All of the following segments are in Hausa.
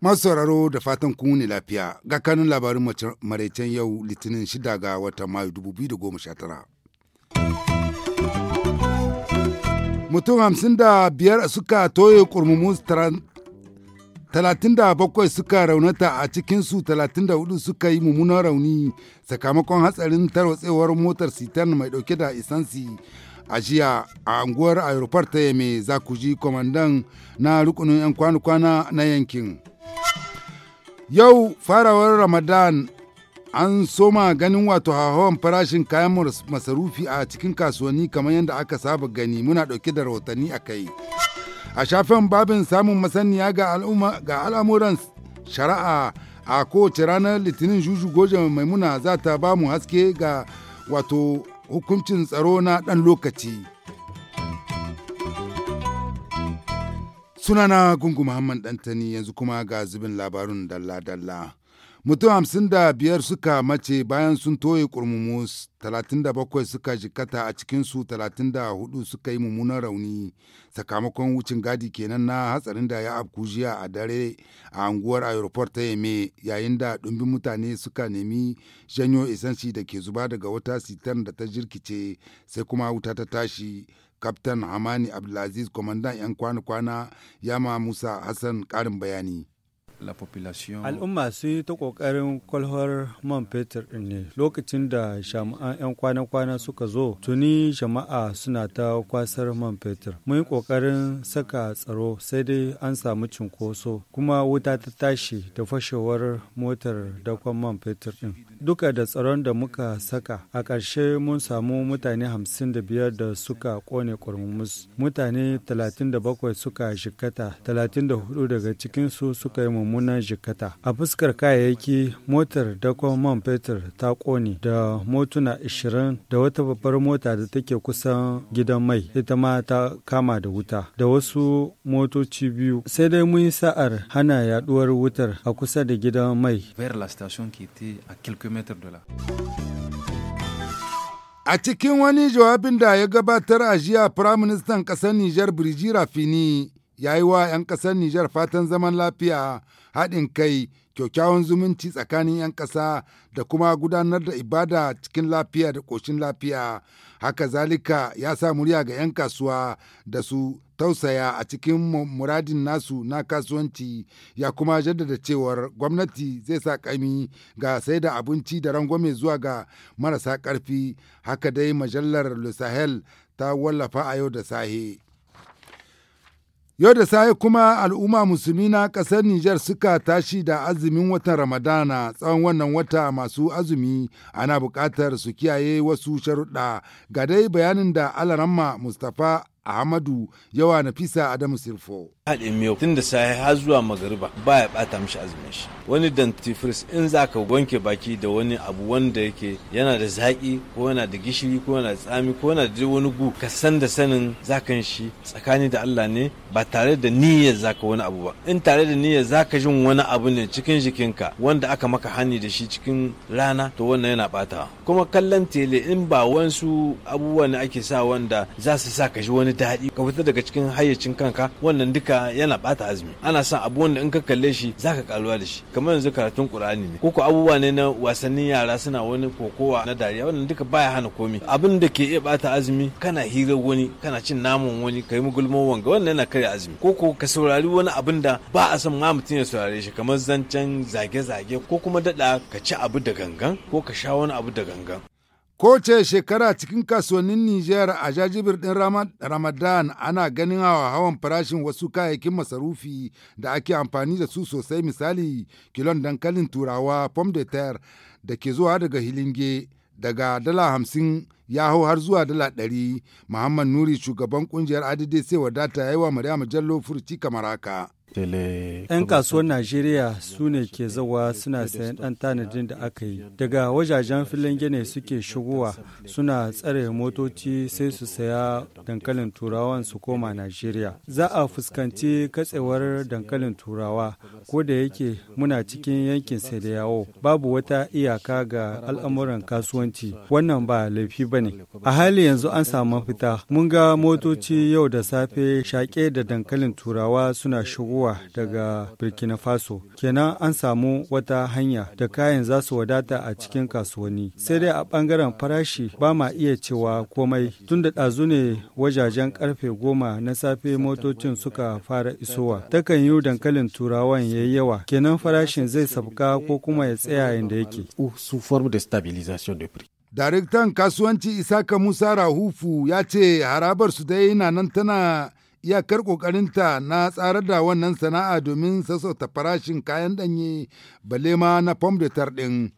Masu sauraro da fatan ku ne lafiya ga kanun labarin maraicen yau litinin shida ga watan Mayu 2019. Mutum hamsin da biyar suka toye kurmumu 37 suka raunata a cikinsu 34 suka yi mummunan rauni sakamakon hatsarin tarwatsewar motar sitan mai dauke da isansi a jiya a anguwar aeroport ta yame za ku ji kwamandan na rukunin 'yan kwana-kwana na yankin yau farawar ramadan an soma ganin wato hawan farashin kayan masarufi a cikin kasuwanni kamar yadda aka saba gani muna dauke da rahotanni a kai. a shafin babin samun masaniya ga al'amuran shari'a a kowace ranar litinin juju goje maimuna za ta ba mu haske ga wato hukuncin tsaro na ɗan lokaci sunana gungu muhammad ɗantani yanzu kuma ga zubin labarun dalla-dalla mutum hamsin da biyar suka mace bayan sun toye kurmumu talatin da bakwai suka jikata a cikinsu talatin da hudu suka yi mummunan rauni sakamakon wucin gadi kenan na hatsarin da ya afku jiya a dare a anguwar aeroport ta yame yayin da dumbin mutane suka nemi janyo isansi da ke zuba daga wata sitan da ta jirkice sai kuma wuta ta tashi kaftan hamani abdulaziz kwamandan 'yan kwana-kwana yama musa hassan karin bayani la Al'umma sun yi ta ƙoƙarin kwalhar man fetur din ne lokacin da shama'an 'yan kwana-kwana suka zo tuni jama'a suna ta kwasar man fetur. Mun yi ƙoƙarin saka tsaro sai dai an samu cinkoso kuma wuta ta tashi da fashewar motar dakon man fetur din. Duka da tsaron da muka saka a ƙarshe mun samu mutane hamsin da biyar da suka kone kurmus Mutane talatin suka shikata talatin da hudu daga cikinsu suka yi mummunan jikata. A fuskar kayayyaki motar dakon man fetur ta kone da motuna 20 da wata babbar mota da take kusan gidan mai ita ma ta kama da wuta da wasu motoci biyu. Sai dai mun sa'ar hana yaduwar wutar a kusa da gidan mai. A cikin wani jawabin da ya gabatar a jiya Firaministan ƙasar Nijar Birji Rafini ya yi wa 'yan ƙasar Nijar fatan zaman lafiya haɗin kai kyakkyawan zumunci tsakanin 'yan ƙasa da kuma gudanar da ibada cikin lafiya da ƙoshin lafiya haka zalika ya sa murya ga 'yan kasuwa da su tausaya a cikin muradin nasu na kasuwanci ya kuma jaddada cewar gwamnati zai sa kami ga sai da abinci da rangwame zuwa ga marasa ƙarfi haka dai majallar lusahel ta wallafa a yau da sahe. Yau da sai kuma al'umma musulmi na ƙasar Nijar suka tashi da azumin watan Ramadana tsawon wannan wata masu azumi ana buƙatar su kiyaye wasu sharuɗa ga dai bayanin da Alaramma Mustapha Ahmadu yawa Nafisa Adamu Sirfo. haɗin miyau tun da har zuwa magariba ba ya ɓata mishi azumin shi wani dentifrice in za ka wanke baki da wani abu wanda yake yana da zaƙi ko yana da gishiri ko yana da tsami ko yana da wani gu ka san da sanin zakan shi tsakani da Allah ne ba tare da niyyar zaka wani abu ba in tare da niyyar zaka jin wani abu ne cikin jikinka wanda aka maka hani da shi cikin rana to wannan yana ɓata kuma kallon tele in ba wansu abubuwa ne ake sa wanda zasu su sa ka ji wani daɗi ka fita daga cikin hayyacin kanka wannan duka haka yana bata azumi ana son abu wanda in ka kalle shi za zaka karuwa da shi kamar yanzu karatun qur'ani ne koko abubuwa ne na wasannin yara suna wani kokowa na dariya wannan duka baya hana komi abin da ke iya bata azumi kana hirar wani kana cin naman wani kai mugulmo wanga wannan yana karya azumi koko ka saurari wani abin da ba a son ma mutum ya saurare shi kamar zancen zage-zage ko kuma daɗa ka ci abu da gangan ko ka sha wani abu da gangan Kowace shekara cikin kasuwannin Nijar a jajibir ɗin Ramadan ana ganin hawa hawan farashin wasu kayayyakin masarufi da ake amfani da su sosai misali kilon dankalin turawa pom de terre da ke zuwa daga hilinge daga dala hamsin ya hau har zuwa dala ɗari. Muhammad Nuri shugaban kungiyar adidai sai wadata ya yi wa Maryam Jallo furci kamar haka. 'Yan kasuwar Najeriya su ne ke zawa suna sayan ɗan tanadin da aka yi. Daga wajajen filin gine suke shigowa suna tsare motoci sai su saya dankalin turawan su koma Najeriya. Za a fuskanci katsewar dankalin turawa ko da yake muna cikin yankin sai da yawo. Babu wata iyaka ga al'amuran kasuwanci. Wannan ba laifi ba ne. A hali yanzu an samu fita. Mun ga motoci yau da safe shaƙe da dankalin turawa suna shigowa zuwa daga burkina faso kenan an samu wata hanya da kayan za su wadata a cikin kasuwanni sai dai a bangaren farashi ba ma iya cewa komai tunda da ɗazu ne wajajen karfe goma na safe motocin suka fara isowa takan yi dankalin turawan ya yi yawa kenan farashin zai sabka ko kuma ya tsaya yadda yake daraktan kasuwanci isaka musa rahufu ya ce harabar su dai na nan tana iyakar ƙoƙarinta na tsarar da wannan sana'a domin sassauta farashin kayan ɗanye balle ma na fom da ɗin.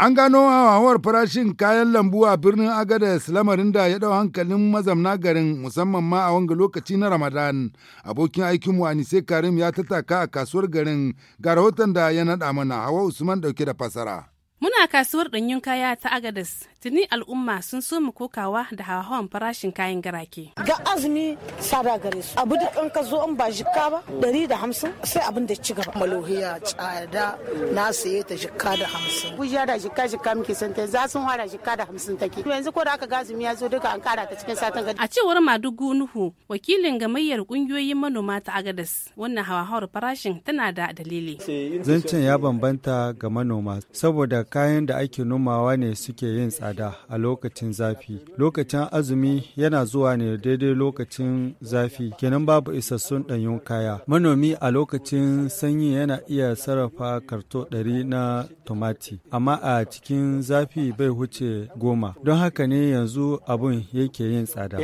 An gano hawar farashin kayan lambu a birnin Agadez lamarin da ya ɗau hankalin mazamna garin musamman ma a wanga lokaci na Ramadan. Abokin aikinmu Anise Karim ya tattaka a kasuwar garin ga rahoton da ya naɗa mana Hawa Usman ɗauke da fasara. Muna kasuwar ɗanyen kaya ta Agadez tuni al'umma sun so mu kokawa da hawan farashin kayan garake. Ga azumi sada gare su. Abu duk an ka zo an ba jikka ba ɗari da hamsin sai abin da ci gaba. Malohiya tsada na saye ta jikka da hamsin. Gujiya da jikka jikka muke san ta za sun fara jikka da hamsin take. To yanzu ko da aka ga azumi ya zo duka an kara ta cikin satan gari. A cewar Madugu Nuhu wakilin gamayyar kungiyoyin manoma ta Agadas wannan hawahawar farashin tana da dalili. Zancen ya bambanta ga manoma saboda kayan da ake nomawa ne suke yin tsada. tsada a lokacin zafi. Lokacin azumi yana zuwa ne daidai lokacin zafi, kenan babu isassun ɗanyun kaya. Manomi a lokacin sanyi yana iya sarrafa karto ɗari na tumati, amma a cikin zafi bai huce goma. Don haka ne yanzu abun yake yin tsada.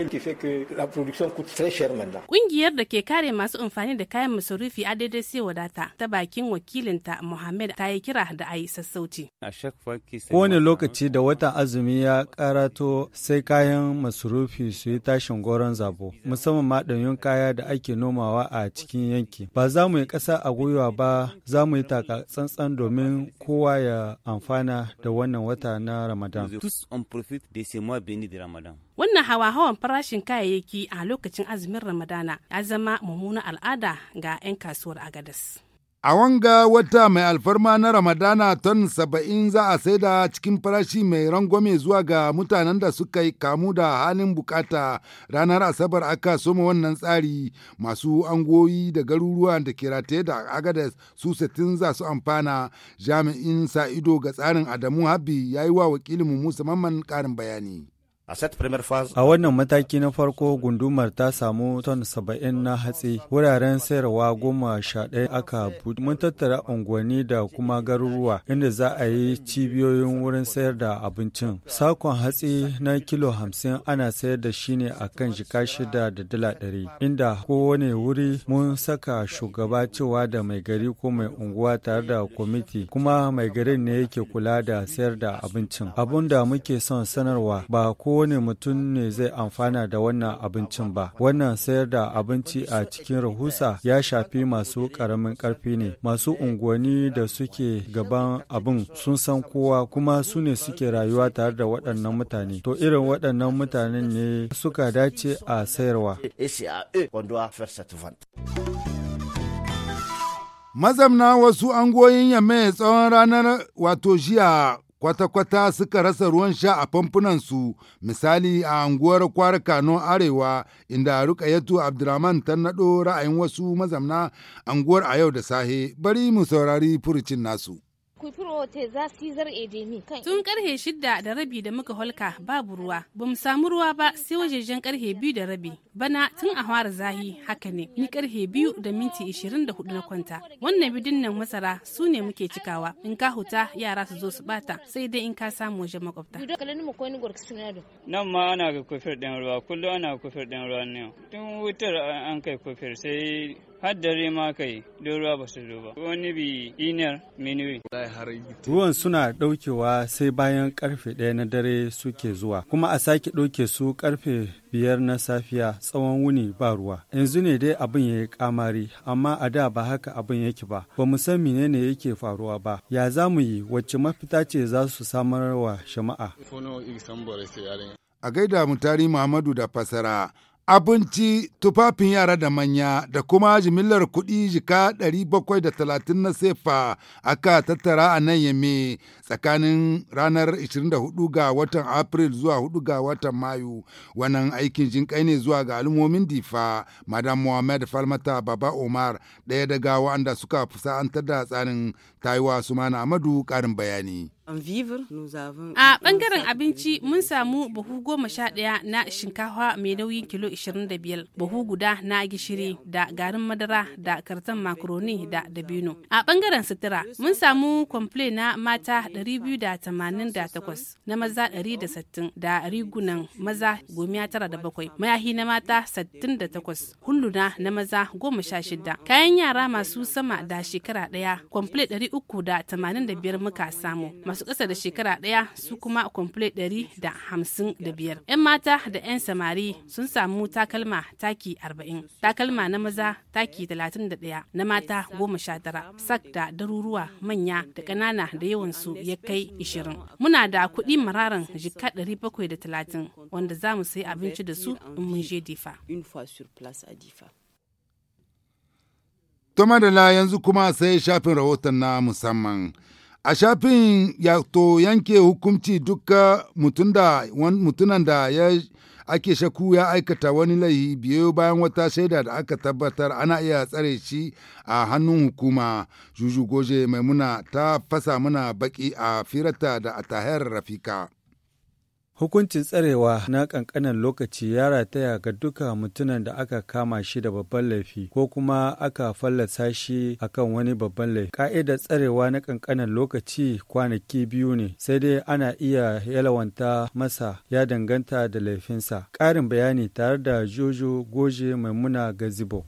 Ƙungiyar da ke kare masu amfani da kayan masarufi a daidai sai wadata ta bakin wakilinta Muhammad ta yi kira da a yi sassauci. Kowane lokaci da watan azumi azumi ya karato sai kayan masurufi su yi tashin goron zabo, musamman ma ɗanyun kaya da ake nomawa a cikin yanki. Ba za mu yi ƙasa a gwiwa ba, za mu yi taka tsantsan domin kowa ya amfana da wannan wata na Ramadan. Wannan hawa-hawan farashin kayayyaki a lokacin azumin Ramadana ya zama mummunan al'ada ga 'yan kasuwar Agadas. A wanga wata mai alfarma na Ramadana ton saba'in za a saida cikin farashi mai rangwame zuwa ga mutanen da suka yi kamu da halin bukata ranar Asabar aka soma wannan tsari masu angoyi da garuruwa da rataye da agadas, su tun za su amfana jami'in sa ido ga tsarin Adamu Habi ya yi wa wakilinmu Musa Mamman karin bayani. A a wannan mataki na farko gundumar ta samu ton saba'in na hatsi, wuraren sayarwa goma sha ɗaya aka buɗe. Mun tattara unguwanni da kuma garuruwa inda za a yi cibiyoyin wurin sayar da abincin. Sakon hatsi na kilo hamsin ana sayar da shi ne a kan jika shida da dala ɗari, inda kowane wuri mun saka shugaba cewa da mai gari ko mai unguwa tare da kwamiti, kuma mai garin ne yake kula da sayar da abincin. Abun da muke son sanarwa ba ko kowane mutum ne zai amfana da wannan abincin ba. Wannan sayar da abinci a cikin rahusa ya shafi masu ƙaramin karfi ne. Masu unguwanni da suke gaban abin sun san kowa kuma su ne suke rayuwa tare da waɗannan mutane. To irin waɗannan mutanen ne suka dace a sayarwa. Mazamna wasu angoyin yamme tsawon ranar wato jiya kwata-kwata suka rasa ruwan sha a famfunansu misali a anguwar kwara kano arewa inda rukayatu abdulrahman ta naɗo ra'ayin wasu mazamna anguwar a yau da sahe bari mu saurari furucin nasu yi zar Tun karhe shida da rabi da muka holka babu ruwa, ba mu samu ruwa ba sai wajejen karhe biyu da rabi. Bana tun a fara zahi haka ne, ni karhe biyu da minti ishirin da hudu na kwanta. Wannan bidin nan masara su ne muke cikawa, in ka huta yara su zo su bata sai dai in ka samu waje makwabta. Nan ma ana ga kofar ɗin ruwa, kullum ana kofar ɗin ruwa ne. Tun wutar an kai kofar. sai har dare ma kai don ruwa ba su zo ba wani bi inar minuwe. ruwan suna daukewa sai bayan karfe ɗaya na dare suke zuwa kuma a sake ɗauke su karfe biyar na safiya tsawon wuni ba ruwa yanzu ne dai abin ya yi kamari amma a da ba haka abin yake ba ba mu san menene yake faruwa ba ya za mu yi wacce mafita ce za su samar wa shama'a a gaida mu tari muhammadu da fasara abinci tufafin yara da manya da kuma jimillar kuɗi jika 730 na sefa aka tattara a nan yame tsakanin ranar 24 ga watan april zuwa 4 ga watan mayu wannan aikin jinƙai ne zuwa ga al'ummomin difa madam muhammad falmata baba omar ɗaya daga wa'anda suka fusa'antar da tsarin taiwa su amadu ƙarin bayani A ɓangaren abinci mun samu buhu goma sha ɗaya na shinkafa mai nauyin kilo 25, buhu guda na gishiri da garin madara da karton makaroni da dabino. A ɓangaren sutura mun samu kwamfle na mata 288 na maza 160 da rigunan maza 97, mayahi na mata 68, hulluna na maza 16. Kayan yara masu sama da shekara ɗaya kwamfle 385 muka samu. masu ƙasa da shekara ɗaya su kuma kwamfule ɗari da hamsin da biyar. 'Yan mata da 'yan samari sun samu takalma taki arba'in, takalma na maza taki talatin da ɗaya, na mata goma sha tara, sak da daruruwa manya da ƙanana da yawansu ya kai ishirin. Muna da kuɗi mararan jika ɗari bakwai da talatin wanda za mu sayi abinci da su in mun je difa. Tuma da yanzu kuma sai shafin rahoton na musamman. A shafin ya to yanke hukunci duka mutunan da ya ake shaku ya aikata wani laihi biyo bayan wata shaida da aka tabbatar ana iya tsare shi a hannun hukuma juju goje maimuna ta fasa mana baki a firata da a atahayar rafika. Hukuncin tsarewa na ƙanƙanar lokaci ya rataya ga duka mutunan da aka kama shi da babban laifi ko kuma aka fallasa shi akan wani babban laifi. Ka'idar tsarewa na ƙanƙanan lokaci kwanaki biyu ne, sai dai ana iya yalawanta masa ya danganta da laifinsa. Ƙarin bayani tare da Jojo Goje Maimuna Gazibo.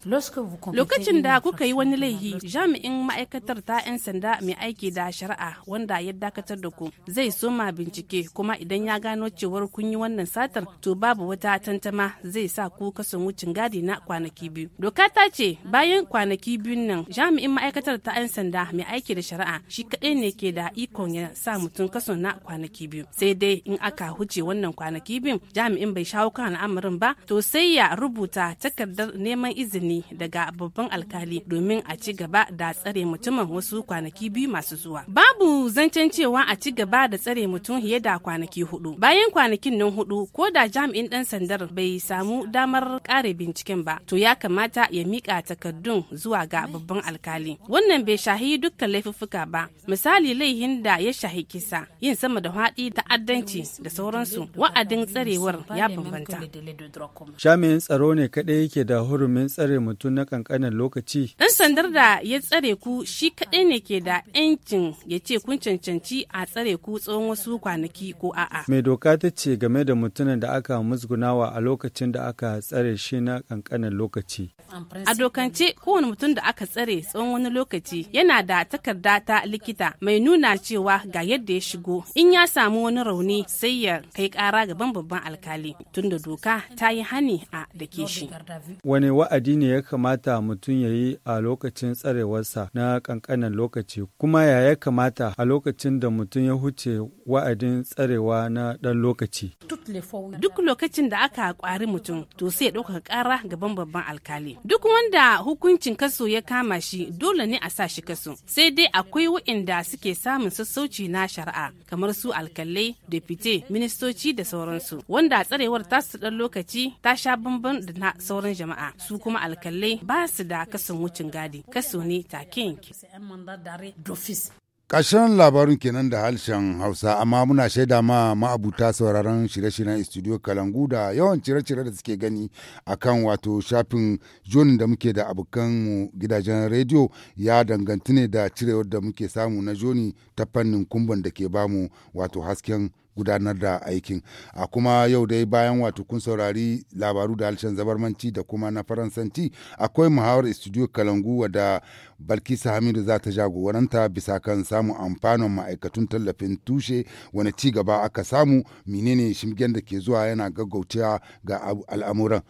Lokacin da kuka yi wani laifi, jami'in ma'aikatar ta 'yan sanda mai aiki da shari'a wanda ya dakatar da ku zai soma bincike kuma idan ya gano cewar kun yi wannan satar to babu wata tantama zai sa ku kasan wucin gadi na kwanaki biyu doka ta ce bayan kwanaki biyun nan jami'in ma'aikatar ta 'yan sanda mai aiki da shari'a shi kaɗai ne ke da ikon ya sa mutum kaso na kwanaki biyu sai dai in aka huce wannan kwanaki biyun jami'in bai shawo kan al'amarin ba to sai ya rubuta takardar neman izini daga babban alkali domin a ci gaba da tsare mutumin wasu kwanaki biyu masu zuwa babu zancen cewa a ci gaba da tsare mutum fiye da kwanaki hudu bayan Cikin kwanakin nan hudu ko da jami'in ɗan sandar bai samu damar kare binciken ba to ya kamata ya mika takardun zuwa ga babban alkali. Wannan bai shahi dukkan laifuffuka ba misali laihin da ya shahi kisa yin sama da ta ta'addanci da sauransu wa'adin tsarewar ya bambanta. Jami'in tsaro ne kaɗai yake da hurumin tsare mutum na kankanin lokaci. dan sandar da ya tsare ku shi kadai ne ke da 'yancin ya ce kun cancanci a tsare ku tsawon wasu kwanaki ko a'a. doka Wata ta ce game da mutumin da aka musgunawa a lokacin da aka tsare shi na kankanin lokaci. A dokance kowane mutum da aka tsare tsawon wani lokaci yana da takarda ta likita mai nuna cewa ga yadda ya shigo in ya samu wani rauni sai ya kai kara gaban babban alkali tun da doka ta yi hani a ke shi. Wani wa'adi ne ya kamata mutum ya yi a lokacin tsarewarsa na kankanin lokaci kuma ya ya kamata a lokacin da mutum ya huce wa'adin tsarewa na ɗan lokaci duk lokacin da aka kwari mutum to sai ɗaukaka ƙara gaban babban alkali duk wanda hukuncin kaso ya kama shi dole ne a sa shi kaso sai dai akwai waɗanda suke samun sassauci na shari'a kamar su alkalai depute ministoci da sauransu wanda tsarewar ta su ɗan lokaci ta sha bamban da na sauran jama'a su kuma alkalai ba su da kason wucin gadi kaso ne take yanke ƙarshen labarin kenan da harshen hausa amma muna shaida ma ma'abuta sauraron shirye-shiryen studio kalangu da yawan cire-cire da suke gani a kan wato shafin joni da muke da abokan gidajen rediyo ya dangantune ne da cirewar da muke samu na joni ta fannin kumban da ke bamu wato hasken gudanar da aikin a kuma yau dai bayan wato kun saurari labaru da harshen zabarmanci da kuma na faransanci akwai muhawar studio kalangu wadda balkisa hamidu za ta jagoranta bisa kan samun amfanin ma'aikatun tallafin tushe wani ci gaba aka samu menene shimgen da ke zuwa yana gaggautawa ga al'amuran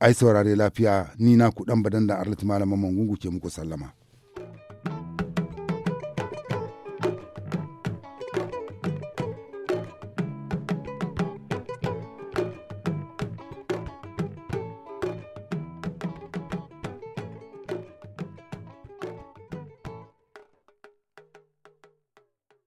ai saurari lafiya ni na ku dan badan da arlit malaman mangungu ke muku sallama.